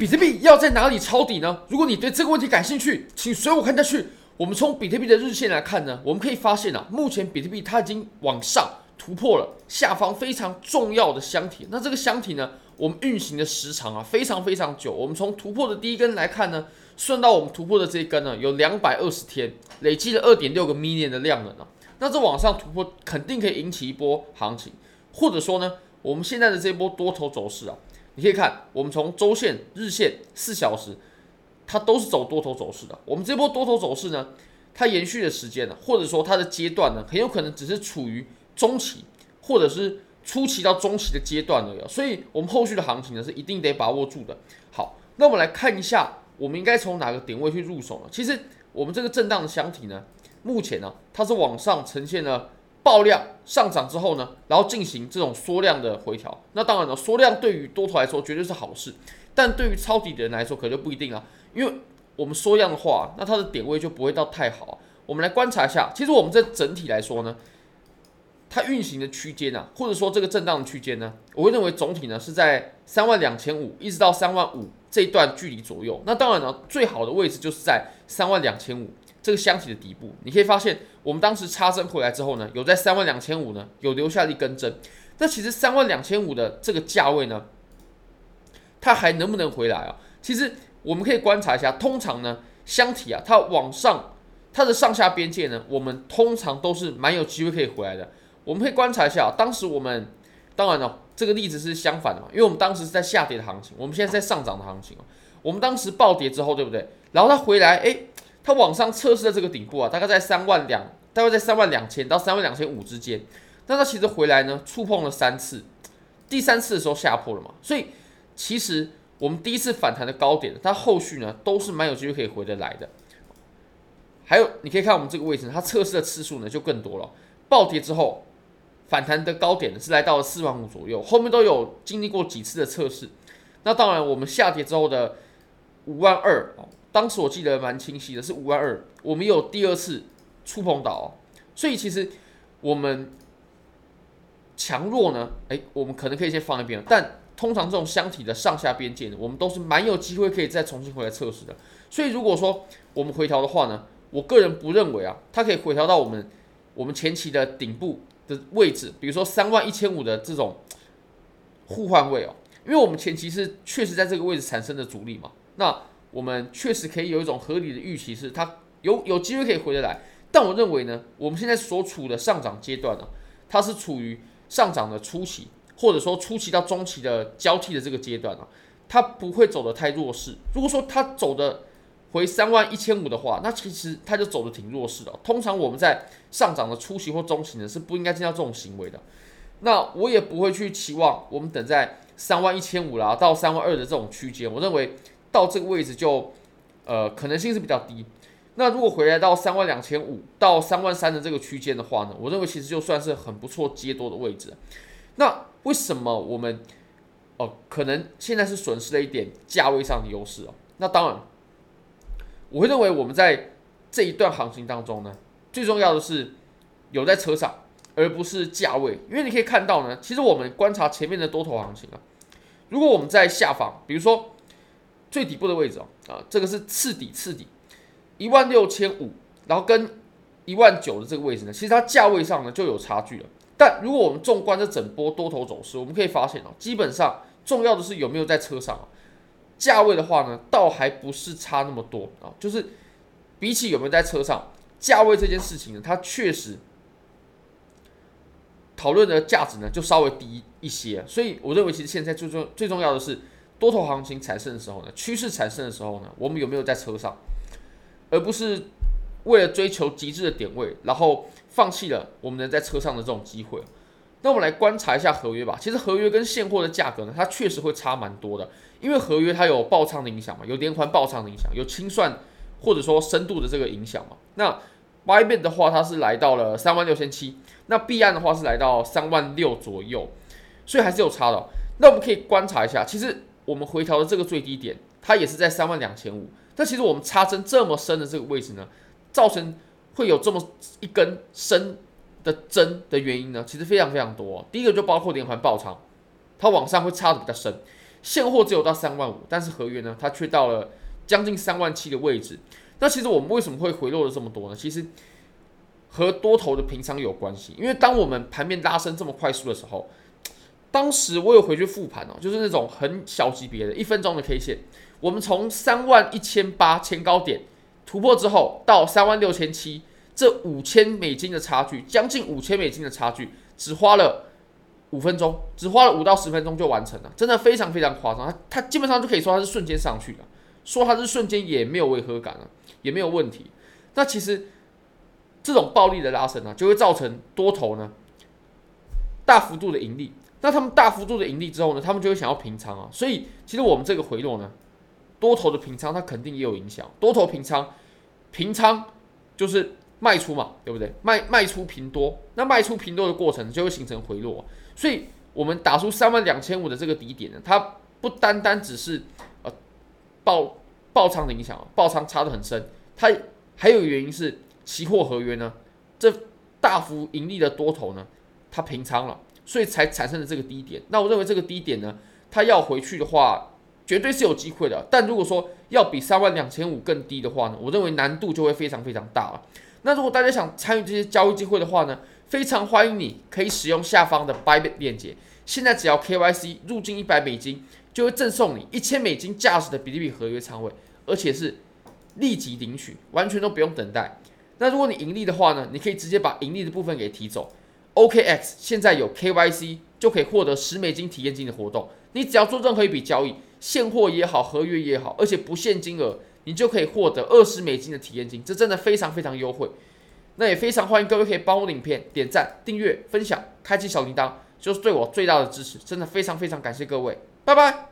比特幣要在哪裡抄底呢？如果你對這個問題感興趣，請隨我看下去。我們從比特幣的日線來看呢，我們可以發現啊，目前比特幣它已經往上突破了下方非常重要的箱體。那這個箱體呢，我們運行的時長啊，非常非常久。我們從突破的第一根來看呢，算到我們突破的這一根呢，有兩百二十天，累計了二點六個 million 的量了呢。那這往上突破肯定可以引起一波行情，或者說呢，我們現在的這一波多頭走勢啊。你可以看，我們從週線、日線、四小時，它都是走多頭走勢的。我們這波多頭走勢呢，它延續的時間呢，或者說它的階段呢，很有可能只是處於中期或者是初期到中期的階段而已。所以，我們後續的行情呢，是一定得把握住的。好，那我們來看一下，我們應該從哪個點位去入手呢？其實，我們這個震盪的箱體呢，目前呢，它是往上呈現了。爆量上漲之後呢，然後進行這種縮量的回調。那當然了，縮量對於多頭來說絕對是好事，但對於抄底的人來說可就不一定了。因為我們縮量的話，那它的點位就不會到太好。我們來觀察一下，其實我們這整體來說呢，它運行的區間啊，或者說這個震盪的區間呢，我會認為總體呢是在三萬兩千五一直到三萬五這一段距離左右。那當然了，最好的位置就是在三萬兩千五。這個箱體的底部，你可以發現，我們當時插針回來之後呢，有在三萬兩千五呢，有留下一根針。那其實三萬兩千五的這個價位呢，它還能不能回來啊、哦？其實我們可以觀察一下，通常呢，箱體啊，它往上，它的上下邊界呢，我們通常都是蠻有機會可以回來的。我們可以觀察一下啊，當時我們，當然了哦，這個例子是相反的嘛，因為我們當時是在下跌的行情，我們現在在上漲的行情哦。我們當時暴跌之後，對不對？然後它回來，誒。它往上測試的這個頂部啊，大概在三萬兩，大概在三萬兩千到三萬兩千五之間。那它其實回來呢，觸碰了三次，第三次的時候下破了嘛。所以其實我們第一次反彈的高點，它後續呢都是蠻有機會可以回得來的。還有你可以看我們這個位置，它測試的次數呢就更多了。暴跌之後反彈的高點呢是來到了四萬五左右，後面都有經歷過幾次的測試。那當然，我們下跌之後的五萬二。當時我記得蠻清晰的，是五萬二。我們有第二次觸碰到哦，所以其實我們強弱呢，哎，我們可能可以先放一邊。但通常這種箱體的上下邊界，我們都是蠻有機會可以再重新回來測試的。所以如果說我們回調的話呢，我個人不認為啊，它可以回調到我們我們前期的頂部的位置，比如說三萬一千五的這種互換位哦，因為我們前期是確實在這個位置產生的阻力嘛，那。我們確實可以有一種合理的預期，是它有有機會可以回得來。但我認為呢，我們現在所處的上漲階段啊，它是處於上漲的初期，或者說初期到中期的交替的這個階段啊，它不會走得太弱勢。如果說它走的回三萬一千五的話，那其實它就走得挺弱勢的。通常我們在上漲的初期或中期呢，是不應該見到這種行為的。那我也不會去期望我們等在三萬一千五啦到三萬二的這種區間，我認為。到這個位置就，呃，可能性是比較低。那如果回來到三萬兩千五到三萬三的這個區間的話呢，我認為其實就算是很不錯接多的位置。那為什麼我們哦，呃，可能現在是損失了一點價位上的優勢哦？那當然，我會認為我們在這一段行情當中呢，最重要的是有在車上，而不是價位。因為你可以看到呢，其實我們觀察前面的多頭行情啊，如果我們在下方，比如說。最底部的位置哦，啊，這個是次底次底一萬六千五，16, 500, 然後跟一萬九的這個位置呢，其實它價位上呢就有差距了。但如果我們縱觀這整波多頭走勢，我們可以發現哦，基本上重要的是有沒有在車上啊，價位的話呢，倒還不是差那麼多啊，就是比起有沒有在車上，價位這件事情呢，它確實討論的價值呢就稍微低一些。所以我認為，其實現在最重最重要的是。多頭行情產生的時候呢，趨勢產生的時候呢，我們有沒有在車上？而不是為了追求極致的點位，然後放棄了我們能在車上的這種機會。那我們來觀察一下合約吧。其實合約跟現貨的價格呢，它確實會差蠻多的，因為合約它有爆倉的影響嘛，有連環爆倉的影響，有清算或者說深度的這個影響嘛。那 YBAN 的話，它是來到了三萬六千七，那 B 案的話是來到三萬六左右，所以還是有差的。那我們可以觀察一下，其實。我們回調的這個最低點，它也是在三萬兩千五。但其實我們插針這麼深的這個位置呢，造成會有這麼一根深的針的原因呢，其實非常非常多哦。第一個就包括連環爆倉，它往上會插得比較深。現貨只有到三萬五，但是合約呢，它卻到了將近三萬七的位置。那其實我們為什麼會回落了這麼多呢？其實和多頭的平倉有關係，因為當我們盤面拉升這麼快速的時候。當時我有回去復盤哦，就是那種很小級別的，一分鐘的 K 線，我們從三萬一千八前高點突破之後，到三萬六千七，這五千美金的差距，將近五千美金的差距，只花了五分鐘，只花了五到十分鐘就完成了，真的非常非常誇張。它它基本上就可以說它是瞬間上去了，說它是瞬間也沒有違和感了，也沒有問題。那其實這種暴力的拉升呢、啊，就會造成多頭呢大幅度的盈利。那他們大幅度的盈利之後呢，他們就會想要平倉啊，所以其實我們這個回落呢，多頭的平倉它肯定也有影響。多頭平倉，平倉就是賣出嘛，對不對？賣賣出平多，那賣出平多的過程就會形成回落啊。所以我們打出三萬兩千五的這個底點呢，它不單單只是呃爆爆倉的影響，爆倉差得很深，它還有原因是期貨合約呢，這大幅盈利的多頭呢，它平倉了。所以才產生了這個低點。那我認為這個低點呢，它要回去的話，絕對是有機會的。但如果說要比三萬兩千五更低的話呢，我認為難度就會非常非常大了。那如果大家想參與這些交易機會的話呢，非常歡迎你可以使用下方的 Bybit 鏈接。現在只要 KYC 入金一百美金，就會贈送你一千美金價值的比特幣合約倉位，而且是立即領取，完全都不用等待。那如果你盈利的話呢，你可以直接把盈利的部分給提走。OKX、OK、現在有 KYC 就可以獲得十美金體驗金的活動，你只要做任何一筆交易，現貨也好，合約也好，而且不限金額，你就可以獲得二十美金的體驗金，這真的非常非常優惠。那也非常歡迎各位可以幫我影片、點讚、訂閱、分享、開啟小鈴鐺，就是對我最大的支持，真的非常非常感謝各位，拜拜。